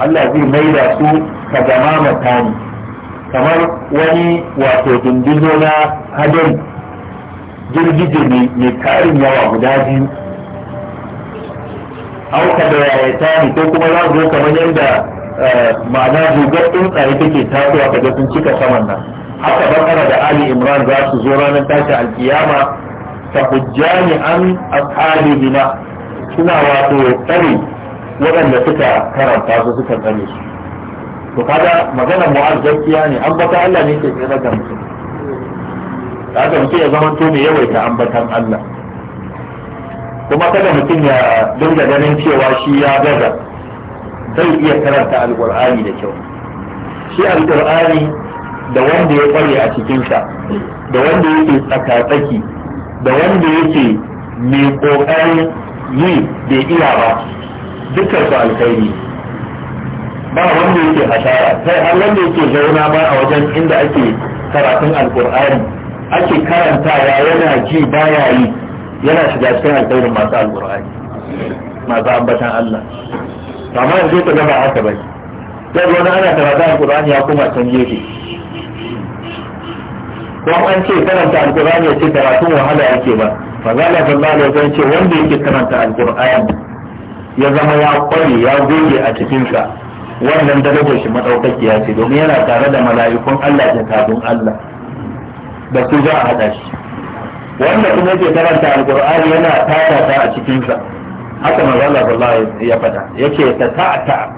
Allah zai maida su ka zama matani kamar wani wato dindizo na hadari jirgije mai karin yawa guda biyu auka da yayata ko kuma za su zo kamar yadda Eh, ma'ana gugar tsuntsaye take tasowa kaga sun cika saman nan haka bakara da ali imran za su zo ranar tashi alkiyama ta hujjani an ashabi bina suna wato tsare waɗanda suka karanta su suka tsare su to kada magana mu'az gaskiya ne an bata Allah ne ke tsira ga mutum kaga mutum ya zama to mai yawaita ambatan Allah kuma kada mutum ya dinga ganin cewa shi ya gaza zai iya karanta alƙur'ani da kyau shi alƙur'ani da wanda ya kware a cikinsa da wanda yake tsakatsaki da wanda yake mai ƙoƙarin yi bai iya ba dukkan su alkhairi ba wanda yake hasara sai har wanda yake zauna ba a wajen inda ake karatun alƙur'ani ake karantawa yana ji baya yi yana shiga cikin alkhairin masu alƙur'ani masu ambatan Allah amma yanzu ta gama haka ba sai wani ana karanta alkur'ani ya kuma can gefe ko an ce karanta alkur'ani ya ce karatun wahala yake ba magana sallallahu alaihi ya ce wanda yake karanta alkur'ani ya zama ya kware ya goge a cikinsa wannan darajar shi ya ce domin yana tare da mala'ikun Allah da tabun Allah da su za a hada shi wanda kuma yake karanta alkur'ani yana tata ta a cikinsa haka da sallallahu ya faɗa yake ta ta'ata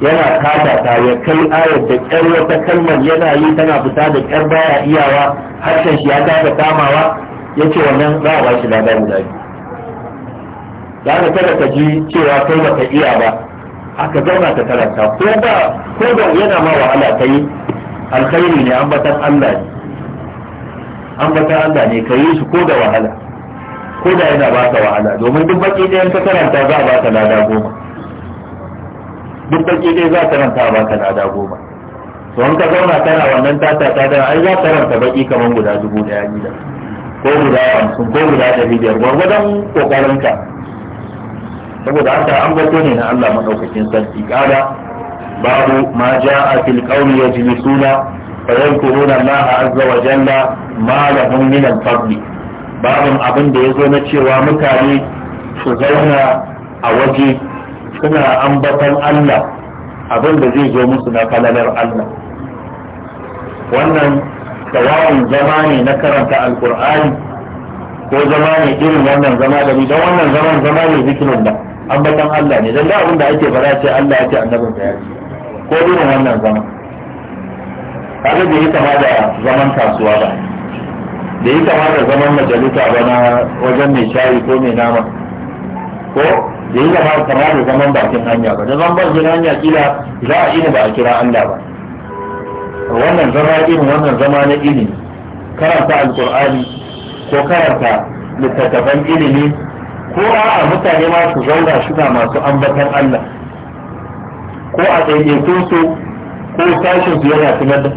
yana kada ta ya kai ayar da ƙyar wata kalmar yana yi tana fita da ƙyar baya iyawa harshen shi ya kada kamawa yace wannan za a bashi shi lada guda biyu za ka kada ka ji cewa kai ba ka iya ba aka zauna ka karanta ko ba ko ba yana ma wahala ka yi alkhairi ne ambatan Allah ne ambatan Allah ne ka yi shi ko da wahala ko da yana ba ka wahala domin duk baki ɗaya ka karanta za a ba ka lada goma duk baki ɗaya za a karanta a ba ka lada goma to an ka zauna kana wannan tata ta da ai za ka karanta baki kamar guda dubu ɗaya gida ko guda hamsin ko guda ɗari biyar gwargwadon ƙoƙarinka saboda haka an bato ne na Allah maɗaukakin sarki ƙara babu ma ja'a fil qawli yajlisuna fa yankuruna Allah azza wa jalla ma lahum min al-fadli babin abin da ya zo na cewa mutane su zauna a waje suna ambatan Allah abin da zai zo musu na falalar Allah wannan tsawon zama ne na karanta alkur'ani ko zama ne irin wannan zama da ni don wannan zaman zama ne zikirin da ambatan Allah ne don da abin da ake fara ce Allah ya ce annabin ya ko irin wannan zama kaga bai yi kama da zaman kasuwa ba da yi kamata zaman majalisa ba na wajen mai shayi ko mai nama ko da yi kamata kama zaman bakin hanya ba da zaman bakin hanya kila za a ini ba a kira Allah ba wannan zama irin wannan zama na ilimi karanta alkur'ani ko karanta littattafan ilimi ko a'a mutane ma su zauna suna masu ambatan Allah ko a ɗaiɗaikun su ko sashin su yana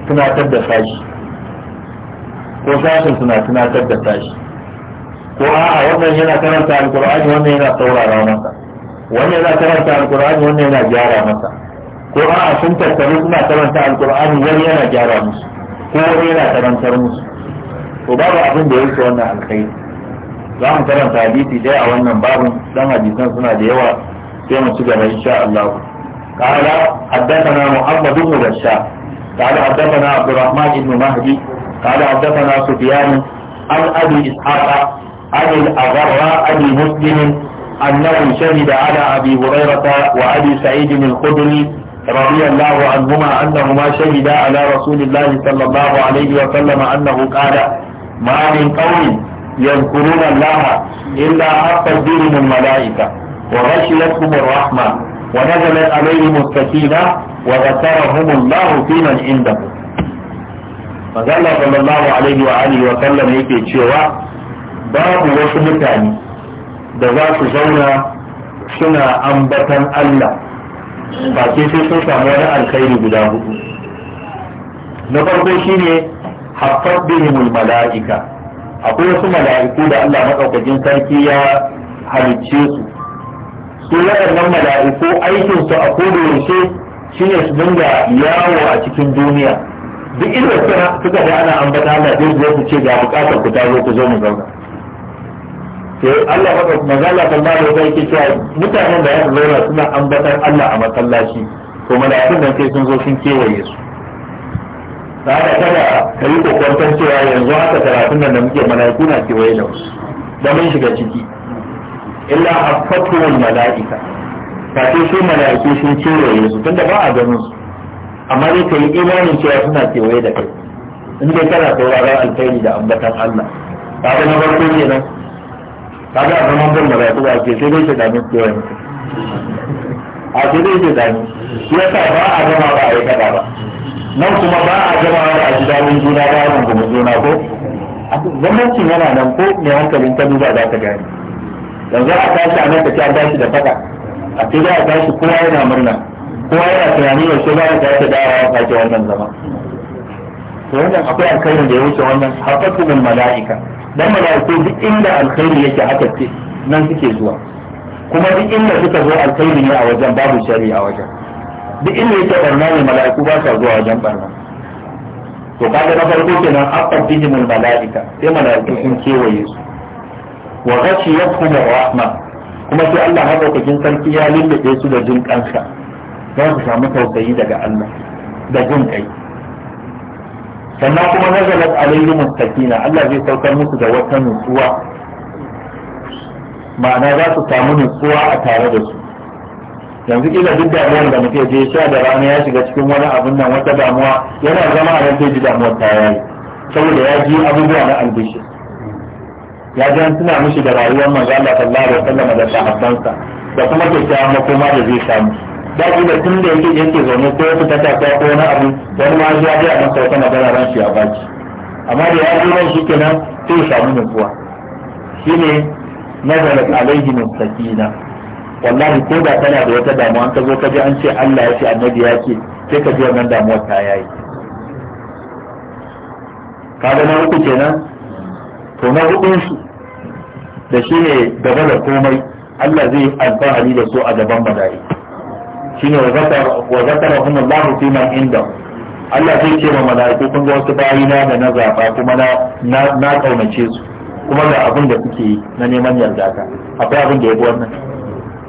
tunatar da sashi ko sashen suna tunatar da sashi ko a'a wannan yana karanta alkur'ani wannan yana saurara masa wannan yana karanta alkur'ani wannan yana gyara masa ko a'a sun tattaru suna karanta alkur'ani wani yana gyara musu ko wani yana karantar musu to babu abin da yake wannan alkhairi za mu karanta hadisi dai a wannan babin dan hadisan suna da yawa sai mu ci gaba insha Allah قال حدثنا محمد بن بشار قال حدثنا عبد الرحمن بن مهدي قال حدثنا سفيان عن أبي إسحاق عن الأغر أبي مسلم أنه شهد على أبي هريرة وأبي سعيد الخدري رضي الله عنهما أنهما شهدا على رسول الله صلى الله عليه وسلم أنه قال ما من قوم يذكرون الله إلا حق بهم الملائكة وغشيتهم الرحمة ونزلت عليهم السكينة وذكرهم الله فيمن عندهم magana sallallahu alaihi wa alihi wa sallam yake cewa babu wasu mutane da za su zauna suna ambatan Allah ba sai sai sun samu wani alkhairi guda hudu na farko shine haffat bihimul mala'ika akwai wasu mala'iku da Allah madaukakin sarki ya halicce su su waɗannan mala'iku aikinsu a kodayaushe shine su dinga yawo a cikin duniya duk inda suka suka da ana ambata Allah zai zo su ce ga bukatar ku ta ku zo mu zauna to Allah maka manzala sallallahu alaihi wasallam yake cewa mutanen da ya zauna suna ambatar Allah a masallaci to mala'ikun nan sai sun zo sun kewaye su da kada ka yi kokwantar cewa yanzu haka karatun nan da muke mala'iku na kewaye da wasu da mun shiga ciki illa hafatul mala'ika ta ce su mala'iku sun kewaye su tunda ba a ganin su amma dai ka yi imanin cewa suna kewaye da kai in dai kana sauraron alkhairi da ambatan Allah ka ga na farko kenan ka ga abin mamban da ba ku ba ke sai dai shaidanin kewaye a ke dai shaidani shi yasa ba a gama ba a yi kada ba nan kuma ba a gama ba a ji damin juna ba a rungumi juna ko gwamnatin yana nan ko mai hankalin ta duba za ta gani yanzu a tashi a nan ta ci an tashi da fada a ce za a tashi kowa yana murna kowa yana tunani yaushe za mu da dawowa mu sake wannan zama to wannan akwai alkhairin da ya wuce wannan min mala'ika dan mala'iku duk inda alkhairi yake haka ce nan suke zuwa kuma duk inda suka zo alkhairi ne a wajen babu shari a wajen duk inda yake barna ne mala'iku ba sa zuwa wajen barna to kaga na farko kenan haqqat bihim al malaika sai malaiku sun kewaye su wa ghashiyatuhum rahma kuma sai Allah madaukakin sarki ya lullube su da jin kansa za su samu tausayi daga Allah da jin kai sannan kuma nazalat alayhi mustaqina Allah zai saukar musu da wata nutsuwa ma'ana za su samu nutsuwa a tare da su yanzu kila duk damuwar da muke je sha da rana ya shiga cikin wani abin nan wata damuwa yana zama a nan zai ji damuwar ta yayi saboda ya ji abubuwa na albishi ya ji an tuna mishi da rayuwar manzo Allah sallallahu alaihi wasallam da sahabbansa da kuma kyakkyawan makoma da zai samu da tun da yake yake zaune ko su tata ko wani abu wani ma ya ji a masa wata magana ran shi a baki amma da ya ji ran shi kenan sai ya samu nutsuwa shine nazarat alaihi mustaqina wallahi ko da kana da wata damuwa an ka zo ka ji an ce Allah ya ce annabi ya ce sai ka ji wannan damuwar ta yayi ka na uku kenan to na hudun shi da shine gaba da komai Allah zai alfahari da su a gaban mala'iku shine wa zakar wa zakarahum Allah fi man inda Allah zai ce ma mala'iku kun ga wasu bayina da na zaɓa kuma na na kaunace su kuma ga abin da suke yi na neman yarda ka akwai abin da ya wannan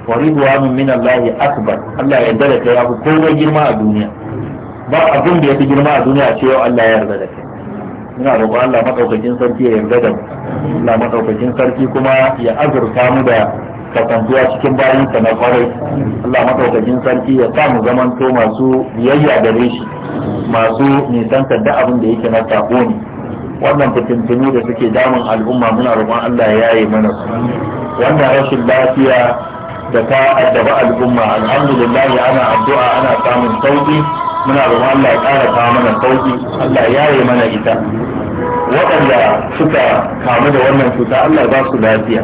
wa ridwanun min Allah akbar Allah ya yarda da kai abu komai girma a duniya ba abin da fi girma a duniya ce yau Allah ya yarda da kai ina roƙon Allah madaukakin sarki ya yarda da mu Allah madaukakin sarki kuma ya azurta mu da kasantuwa cikin bayansa na kwarai Allah madaukakin sarki ya sa mu zaman to masu biyayya gare shi masu nisan da abin da yake na sako ne wannan fitintunu da suke damun al'umma muna roƙon Allah ya yaye mana su wannan rashin lafiya da ta addaba al'umma alhamdulillah ana addu'a ana samun sauki muna roƙon Allah ya ƙara kawo mana sauki Allah ya yaye mana ita waɗanda suka kamu da wannan cuta Allah za su lafiya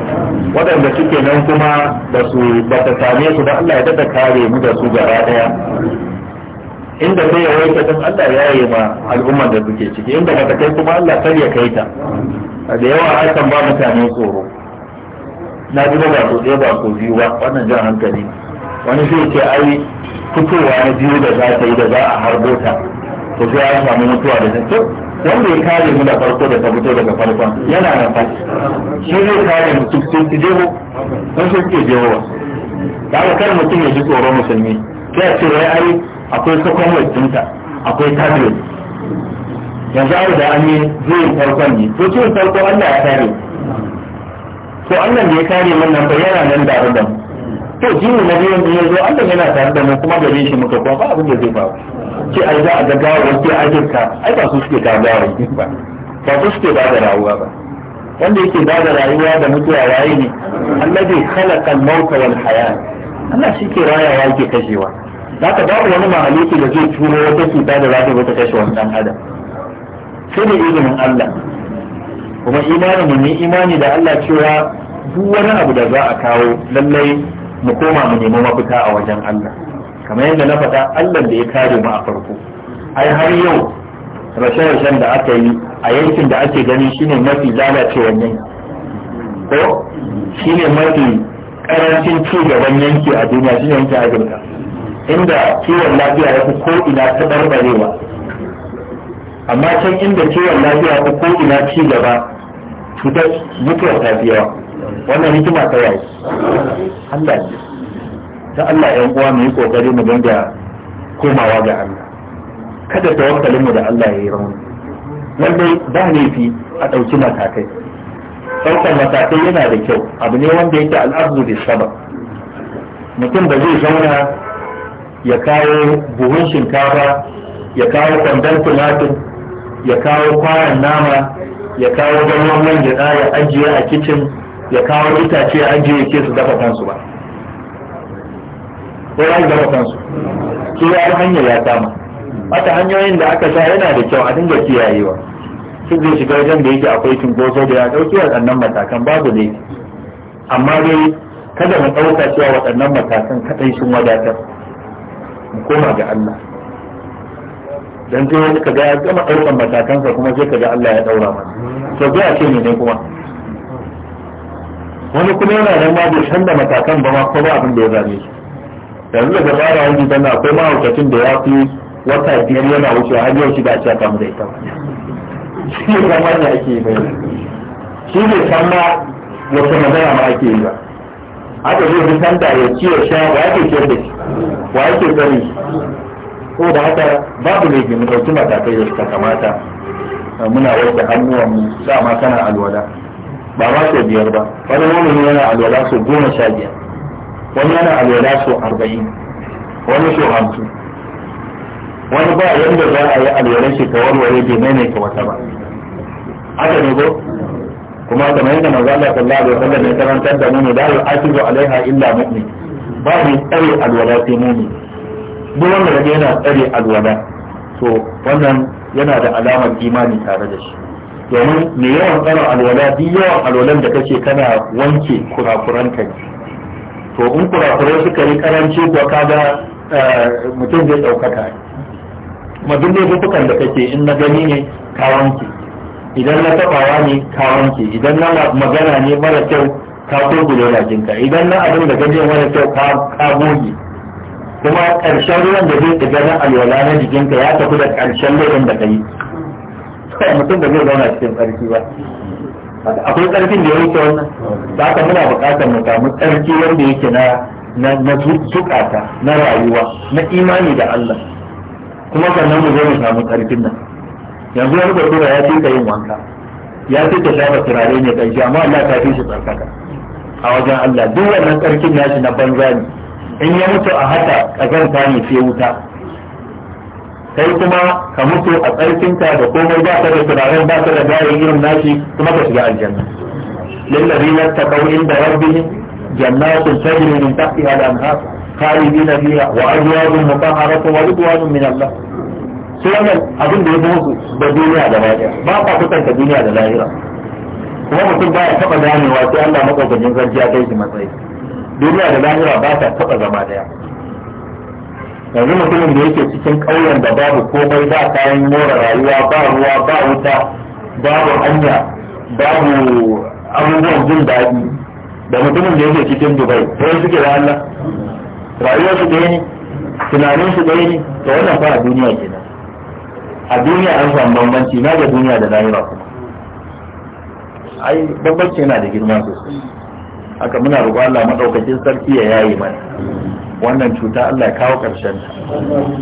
waɗanda suke nan kuma ba su ba same su ba Allah ya daɗa kare mu da su gaba ɗaya inda sai ya waita din Allah ya yi ma al'ummar da suke ciki inda ba ta kai kuma Allah kar ya kai ta da yawa akan ba mutane tsoro na ji ba so ɗaya ba so biyu ba wannan jan hankali wani zai ce ai fitowa na biyu da za ta yi da za a harbo ta to sai an samu mutuwa da zato wanda ya kare mu da farko da ta fito daga farkon yana nan fa shi zai kare mu su su jeho don su suke jeho ba da aka kare mutum ya ji tsoron musulmi sai a ce wai ai akwai sakon wajinta akwai tablet yanzu an da an yi zai farkon ne to ciwon farko Allah ya kare to Allah ne ya kare mun nan ba yana nan da rudan to jini na biyan biyan ya zo Allah yana tare da mu kuma gare shi muka kuma ba abin da zai faru ce ai za a ga gawar ke ajinka ai ba su suke kawo gawar ba ba su suke ba da rayuwa ba wanda yake ba da rayuwa da mutuwa raye ne allazi khalaqa mauta wal haya Allah shi ke rayawa yake kashewa Za zaka babu wani mahaluki da zai turo wata cuta da za ta zo ta kashe wani adam sai da izinin Allah kuma imanin mu ne imani da Allah cewa duk wani abu da za a kawo lallai mu koma mu nemi mafita a wajen Allah kamar yadda na faɗa Allah da ya kare mu a farko ai har yau rashe-rashen da aka yi a yankin da ake gani shine mafi lalacewar yanki ko shine mafi karancin ci gaban yanki a duniya shine yankin Afirka inda kiwon lafiya ya fi ko ina ta barbarewa amma can inda kiwon lafiya ya fi ko ina ci gaba cutar mutuwar ta fi yawa wannan hikima ta yaki Allah ne ta Allah yan uwa mu yi kokari mu dinga komawa ga Allah kada tawakkalin mu da Allah ya yi rauni lallai ba ne fi a ɗauki matakai ɗaukar matakai yana da kyau abu ne wanda yake al'adu da sabab mutum ba zai zauna ya kawo buhun shinkafa ya kawo kwandon tumatir ya kawo kwayan nama ya kawo ganyen man ya ajiye a kicin ya kawo itace ajiye ke su dafa kansu ba ko ya zama kansu ke ya hanyar ya kama mata hanyoyin da aka sha yana da kyau a dinga kiyayewa su zai shiga wajen da yake akwai cunkoso da ya ɗauki waɗannan matakan babu ne amma dai kada mu ɗauka cewa waɗannan matakan kaɗai sun wadatar mu koma ga Allah dan sai wani kaga ya gama ɗaukan matakansa kuma sai kaga Allah ya ɗaura mana to ga ce ne kuma wani kuma yana nan ma bai canza matakan ba ma ko ba abin da ya zame shi yanzu da fara yanzu tana akwai mahaukacin da ya fi wata biyar yana wucewa har yau shi ba a ce kamu da ita shi ne kan wanda ake yi bai shi ne kama wata magana ma ake yi ba haka zai fi sanda ya ci ya sha wa ake ciyar da shi wa ake tsari ko da haka babu ne ke mu ɗauki matakai da suka kamata muna wasu hannuwan mu ma kana alwala ba ma sau biyar ba wani wani yana alwala sau goma sha biyar wani yana alwala so arba'in wani so hamsin wani ba yadda za a yi alwalan shi ta warware bai maimaita wata ba haka ne ko kuma kamar yadda manzo Allah sallallahu alaihi wasallam ya karantar da mu ne la yu'akidu alaiha illa mu'min ba ni tsare alwala sai mu'min duk wanda kaga yana tsare alwala to wannan yana da alamar imani tare da shi domin me yawan tsara alwala duk yawan alwalan da kake kana wanke kurakuran kai to in kurakurai suka yi karanci ko kaga eh, mutum zai ɗaukaka kuma duk bukukan da kake in na gani ne kawanki. idan na tabawa ne kawanki. idan na magana ne mara kyau ka da jinka idan na abin da gani mara kyau ka goge kuma ƙarshen ruwan da zai shiga na alwala na jikinka ya tafi da ƙarshen ruwan da ka yi mutum da zai zauna cikin ƙarfi ba akwai ƙarfin da ya wuce wannan da haka muna buƙatar mu samu ƙarfi wanda yake na na zukata na rayuwa na imani da Allah kuma sannan mu zo mu samu karfin nan yanzu wani gwargwara ya ce ka yin wanka ya ce ka shafa turare ne ƙarshe amma Allah ta fi shi tsarkaka a wajen Allah duk wannan karfin nashi na banza ne in ya mutu a haka ƙazanta ne sai wuta kai kuma ka mutu a tsarkinka da komai ba ka da turaren ba ka da gayen irin nashi kuma ka shiga aljanna lillazina taqaw inda rabbihim jannatun tajri min tahtiha al-anhar khalidina fiha wa azwajun mutahharatun wa ridwanun min Allah sai wannan abin da ya zo da duniya da lahira ba ka kusanta duniya da lahira kuma mutum ba ya taba ganewa sai Allah makaukakin sarki kai shi matsayi duniya da lahira ba ta taba zama daya yanzu mutumin da yake cikin ƙauyen da babu komai ba kayan more rayuwa ba ruwa ba wuta babu hanya babu abubuwan jin daɗi da mutumin da yake cikin dubai sai suke da Allah rayuwar su ɗaya ne tunanin su ɗaya ne da wannan fara duniya kenan a duniya an samu bambanci na da duniya da lahira kuma ai bambanci yana da girma sosai haka muna roƙon Allah maɗaukacin sarki ya yaye mana wannan cuta Allah ya kawo ƙarshen ta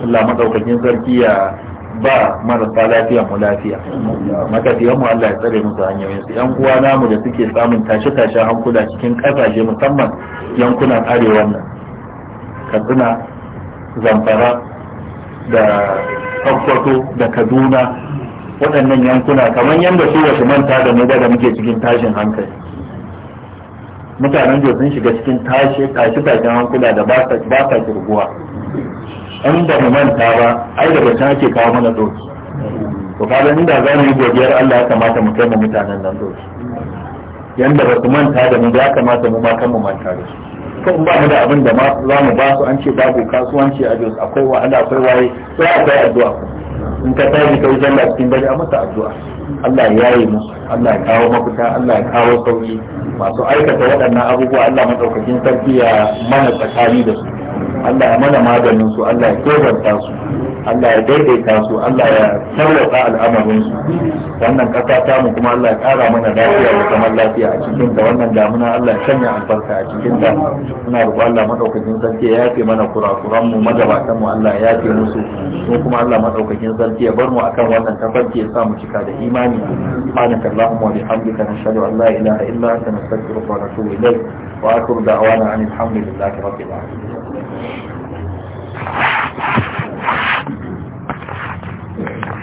Allah madaukakin sarki ya ba marasa lafiya mu lafiya makafiyan mu Allah ya tsare musu hanyoyin su yan uwa namu da suke samun tashe tashi hankula cikin kasashe musamman yankunan arewa nan Katsina Zamfara da Sokoto da Kaduna waɗannan yankuna kamar yadda su wasu manta da mu da muke cikin tashin hankali mutanen da sun shiga cikin tashi tashi tashin hankula da ba sa kirguwa in da mu manta ba ai daga can ake kawo mana doki to ka inda da zamu yi godiyar Allah ya kamata mu kai mu mutanen nan doki yanda ba su manta da mu ya kamata mu ma kan mu manta da su ko in ba mu da abin da ma za mu ba su an ce babu kasuwanci a Jos akwai wahala akwai waye sai akwai addu'a in ka tashi kai sallah cikin dare a mata addu'a Allah ya yi musu Allah ya kawo mafita Allah ya kawo sauki masu aikata waɗannan abubuwa Allah madaukakin sarki ya mana tsakani da su Allah ya mana maganin su Allah ya tozanta su Allah ya daidaita su Allah ya sarrafa al'amarin su wannan kasa ta mu kuma Allah ya kara mana lafiya da zaman lafiya a cikin ta wannan damuna Allah ya sanya albarka a cikin ta muna roƙo Allah madaukakin sarki ya yafe mana kurakuran mu magabatan mu Allah ya yafe musu mu kuma Allah madaukakin sarki ya bar mu akan wannan tafarki ya sa mu cika da imani subhanaka allahumma wa bihamdika nashhadu an la ilaha illa anta nastaghfiruka wa natubu ilayk wa akhiru da'wana anil hamdulillahi rabbil alamin Thank you. Thank you.